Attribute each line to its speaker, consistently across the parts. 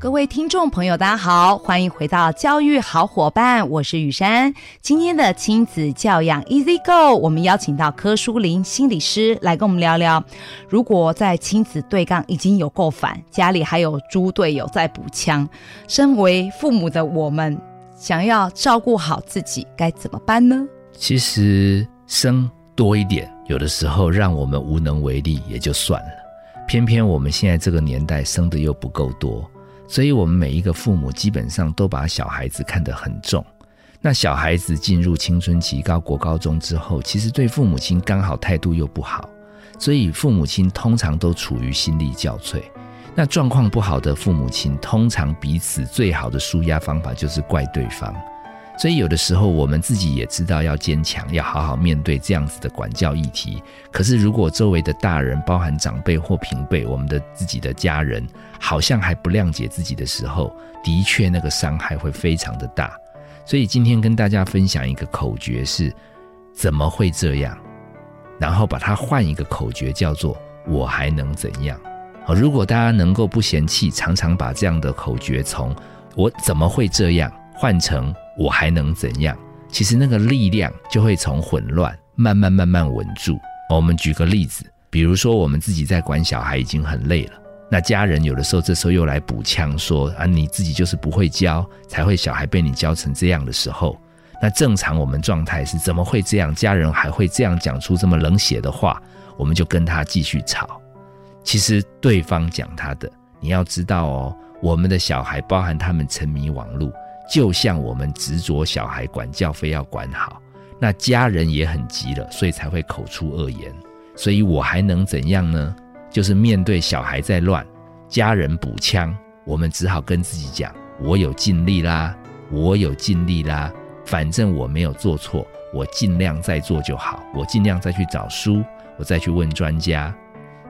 Speaker 1: 各位聽眾朋友，大家好，歡迎回到教育好夥伴，我是雨珊。今天的親子教養 Easy Go，我們邀請到柯書林心理師來跟我們聊聊。如果在親子對槓已經有夠煩，家裡還有豬隊友在補槍，身為父母的我們想要照顧好自己，該怎麼辦呢？
Speaker 2: 其實生多一點，有的時候讓我們無能為力也就算了，偏偏我們現在這個年代生的又不夠多。所以我們每一個父母基本上都把小孩子看得很重。那小孩子進入青春期、高國高中之後，其實對父母親剛好態度又不好，所以父母親通常都處於心力交瘁。那狀況不好的父母親，通常彼此最好的紓壓方法就是怪對方。所以有的時候我們自己也知道要堅強，要好好面對這樣子的管教議題。可是如果週圍的大人，包含長輩或平輩，我們的自己的家人，好像還不諒解自己的時候，的確那個傷害會非常的大。所以今天跟大家分享一個口訣是：怎麼會這樣？然後把它換一個口訣，叫做我還能怎樣？如果大家能夠不嫌棄，常常把這樣的口訣從我怎麼會這樣。換成我還能怎樣？其實那個力量就會從混亂慢慢慢慢穩住。我們舉個例子，比如說我們自己在管小孩已經很累了，那家人有的時候這時候又來補槍說：“啊，你自己就是不會教，才會小孩被你教成這樣的時候。”那正常我們狀態是怎麼會這樣？家人還會這樣講出這麼冷血的話，我們就跟他繼續吵。其實對方講他的，你要知道哦，我們的小孩包含他們沉迷網路。就像我們執着小孩管教，非要管好，那家人也很急了，所以才會口出惡言。所以我還能怎樣呢？就是面對小孩在亂，家人補槍，我們只好跟自己講：我有盡力啦，我有盡力啦，反正我沒有做錯，我盡量在做就好。我儘量再去找書，我再去問專家，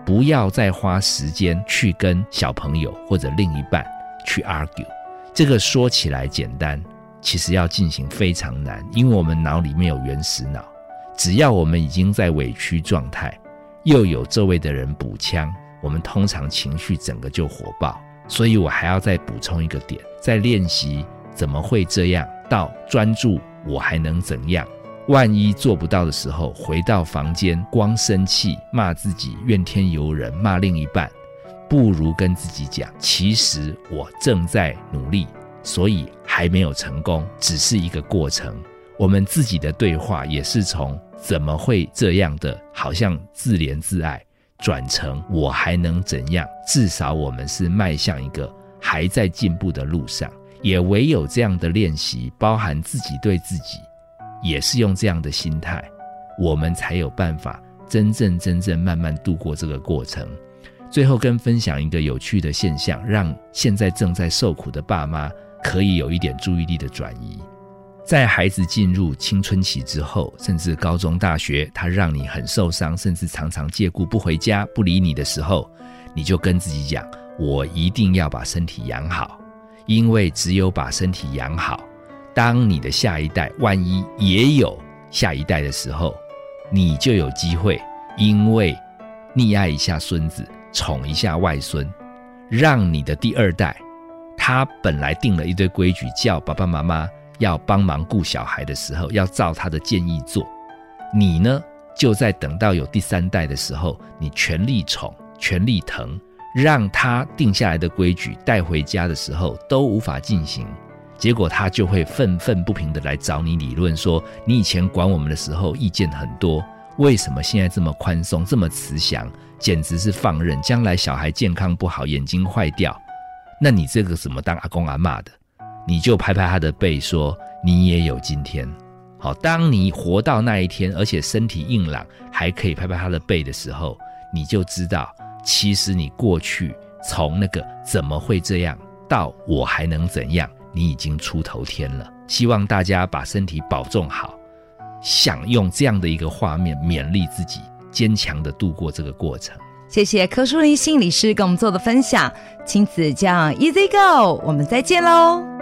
Speaker 2: 不要再花時間去跟小朋友或者另一半去 argue。這個說起來簡單，其實要進行非常難，因為我們腦裡面有原始腦，只要我們已經在委屈狀態，又有這位的人補槍，我們通常情緒整個就火爆。所以我還要再補充一個點，在練習怎麼會這樣到專注，我還能怎樣？萬一做不到的時候，回到房間光生氣、罵自己、怨天尤人、罵另一半。不如跟自己講，其實我正在努力，所以還沒有成功，只是一個過程。我們自己的對話也是從怎麼會這樣的，好像自憐自愛，轉成我還能怎樣？至少我們是邁向一個還在進步的路上。也唯有這樣的練習，包含自己對自己，也是用這樣的心態，我們才有辦法真正真正慢慢度過這個過程。最後跟分享一個有趣的現象，讓現在正在受苦的爸媽可以有一點注意力的轉移。在孩子進入青春期之後，甚至高中、大學，他讓你很受傷，甚至常常借故不回家、不理你的時候，你就跟自己講：我一定要把身體養好，因為只有把身體養好，當你的下一代萬一也有下一代的時候，你就有機會因為溺愛一下孫子。寵一下外孫，讓你的第二代，他本來定了一堆規矩，叫爸爸媽媽要幫忙顧小孩的時候，要照他的建議做。你呢，就在等到有第三代的時候，你全力寵，全力疼，讓他定下來的規矩帶回家的時候都無法進行，結果他就會憤憤不平地來找你理論說，說你以前管我們的時候意見很多。為什麼現在這麼寬鬆、這麼慈祥，簡直是放任？將來小孩健康不好，眼睛壞掉，那你這個怎麼當阿公阿嬤的？你就拍拍他的背說，說你也有今天。好，當你活到那一天，而且身體硬朗，還可以拍拍他的背的時候，你就知道，其實你過去從那個怎麼會這樣，到我還能怎樣，你已經出頭天了。希望大家把身體保重好。想用這樣的一個畫面勉勵自己，堅強的度過這個過程。
Speaker 1: 謝謝柯書林心理師給我們做的分享，親子醬 Easy Go，我們再見嘍。